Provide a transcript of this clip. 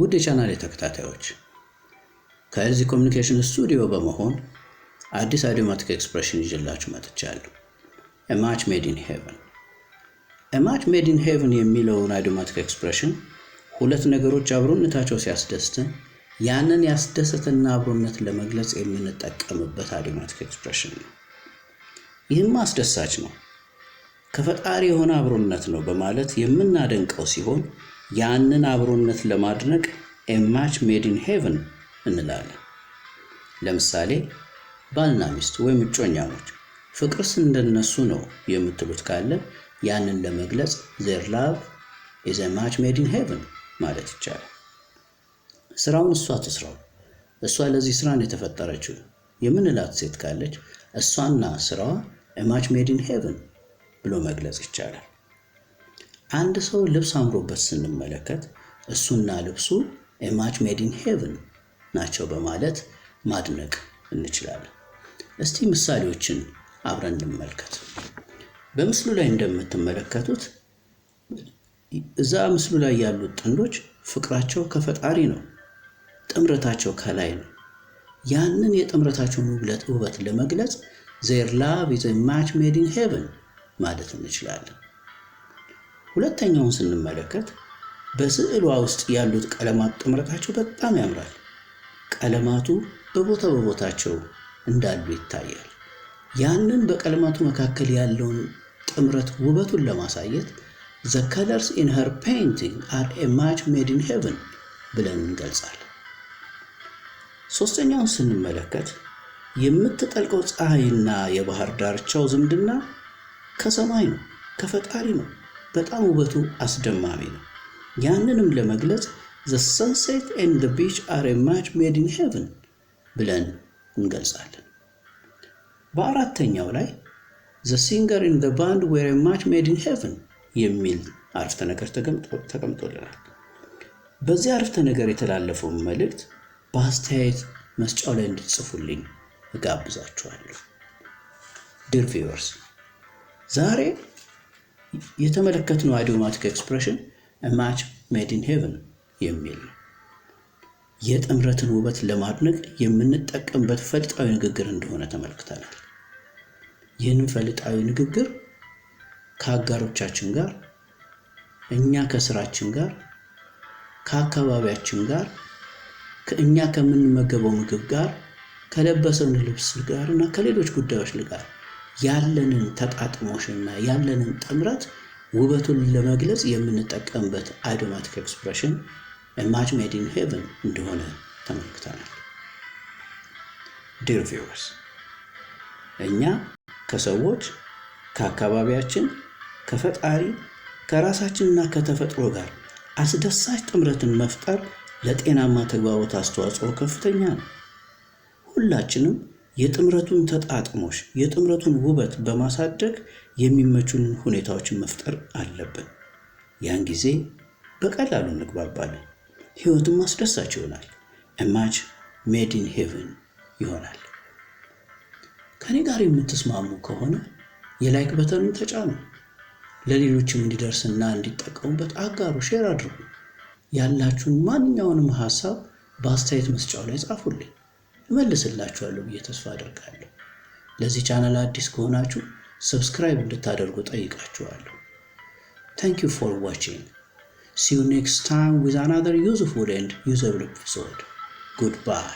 ውድ የቻናሌ ተከታታዮች ከኤልዚ ኮሚኒኬሽን ስቱዲዮ በመሆን አዲስ አዲዮማቲክ ኤክስፕሬሽን ይዤላችሁ መጥቻለሁ። ኤማች ሜድ ኢን ሄቨን። ኤማች ሜድ ኢን ሄቨን የሚለውን አዲዮማቲክ ኤክስፕሬሽን ሁለት ነገሮች አብሮነታቸው ሲያስደስተን ያንን ያስደሰተና አብሮነት ለመግለጽ የምንጠቀምበት አዲዮማቲክ ኤክስፕሬሽን ነው። ይህም አስደሳች ነው፣ ከፈጣሪ የሆነ አብሮነት ነው በማለት የምናደንቀው ሲሆን ያንን አብሮነት ለማድነቅ ኤማች ሜድን ሄቨን እንላለን። ለምሳሌ ባልና ሚስት ወይም እጮኛሞች ፍቅርስ እንደነሱ ነው የምትሉት ካለ ያንን ለመግለጽ ዜር ላቭ ኢዝ ሜድን ሜድ ኢን ሄቨን ማለት ይቻላል። ስራውን እሷ ትስራው፣ እሷ ለዚህ ስራ ነው የተፈጠረችው የምንላት ሴት ካለች እሷና ስራዋ ኤማች ሜድን ሜድ ኢን ሄቨን ብሎ መግለጽ ይቻላል። አንድ ሰው ልብስ አምሮበት ስንመለከት እሱና ልብሱ ኤማች ሜድን ሄቨን ናቸው በማለት ማድነቅ እንችላለን። እስቲ ምሳሌዎችን አብረን እንመልከት። በምስሉ ላይ እንደምትመለከቱት እዛ ምስሉ ላይ ያሉት ጥንዶች ፍቅራቸው ከፈጣሪ ነው፣ ጥምረታቸው ከላይ ነው። ያንን የጥምረታቸውን ውበት ለመግለጽ ዜር ላቭ ኢዝ ማች ሜድን ሄቨን ማለት እንችላለን። ሁለተኛውን ስንመለከት በስዕሏ ውስጥ ያሉት ቀለማት ጥምረታቸው በጣም ያምራል። ቀለማቱ በቦታ በቦታቸው እንዳሉ ይታያል። ያንን በቀለማቱ መካከል ያለውን ጥምረት ውበቱን ለማሳየት ዘ ከለርስ ኢን ሄር ፔይንቲንግ አር ኤ ማች ሜድ ኢን ሄቨን ብለን እንገልጻል። ሶስተኛውን ስንመለከት የምትጠልቀው ፀሐይና የባህር ዳርቻው ዝምድና ከሰማይ ነው፣ ከፈጣሪ ነው። በጣም ውበቱ አስደማሚ ነው። ያንንም ለመግለጽ ዘ ሰንሴት ኤንድ ዘ ቢች አር ማች ሜድ ኢን ሄቨን ብለን እንገልጻለን። በአራተኛው ላይ ዘ ሲንገር ኢን ዘ ባንድ ዌር ማች ሜድ ኢን ሄቨን የሚል አርፍተ ነገር ተቀምጦልናል። በዚህ አርፍተ ነገር የተላለፈውን መልእክት በአስተያየት መስጫው ላይ እንድትጽፉልኝ እጋብዛችኋለሁ። ዲር ቪወርስ ዛሬ የተመለከትነው አዲዮማቲክ ኤክስፕሬሽን ማች ሜድ ኢን ሄቨን የሚል ነው። የጥምረትን ውበት ለማድነቅ የምንጠቀምበት ፈልጣዊ ንግግር እንደሆነ ተመልክተናል። ይህንን ፈልጣዊ ንግግር ከአጋሮቻችን ጋር፣ እኛ ከስራችን ጋር፣ ከአካባቢያችን ጋር፣ ከእኛ ከምንመገበው ምግብ ጋር፣ ከለበሰውን ልብስ ጋር እና ከሌሎች ጉዳዮች ጋር ያለንን ተጣጥሞሽና ያለንን ጥምረት ውበቱን ለመግለጽ የምንጠቀምበት አይዶማቲክ ኤክስፕሬሽን ማች ሜድ ኢን ሄቨን እንደሆነ ተመልክተናል። ዲር እኛ ከሰዎች ከአካባቢያችን ከፈጣሪ ከራሳችንና ከተፈጥሮ ጋር አስደሳች ጥምረትን መፍጠር ለጤናማ ተግባቦት አስተዋጽኦ ከፍተኛ ነው። ሁላችንም የጥምረቱን ተጣጥሞሽ የጥምረቱን ውበት በማሳደግ የሚመቹን ሁኔታዎችን መፍጠር አለብን። ያን ጊዜ በቀላሉ እንግባባለን። ሕይወትም አስደሳች ይሆናል። እማች ሜድ ኢን ሄቨን ይሆናል። ከኔ ጋር የምትስማሙ ከሆነ የላይክ በተኑን ተጫኑ። ለሌሎችም እንዲደርስና እንዲጠቀሙበት አጋሩ፣ ሼር አድርጉ። ያላችሁን ማንኛውንም ሀሳብ በአስተያየት መስጫው ላይ ጻፉልኝ። እመልስላችኋለሁ ብዬ ተስፋ አድርጋለሁ። ለዚህ ቻናል አዲስ ከሆናችሁ ሰብስክራይብ እንድታደርጉ ጠይቃችኋለሁ። ታንክ ዩ ፎር ዋቺንግ ሲዩ ኔክስት ታይም ዊዝ አናዘር ዩዝፉል ኤንድ ዩዘብል ኤፒሶድ ጉድባይ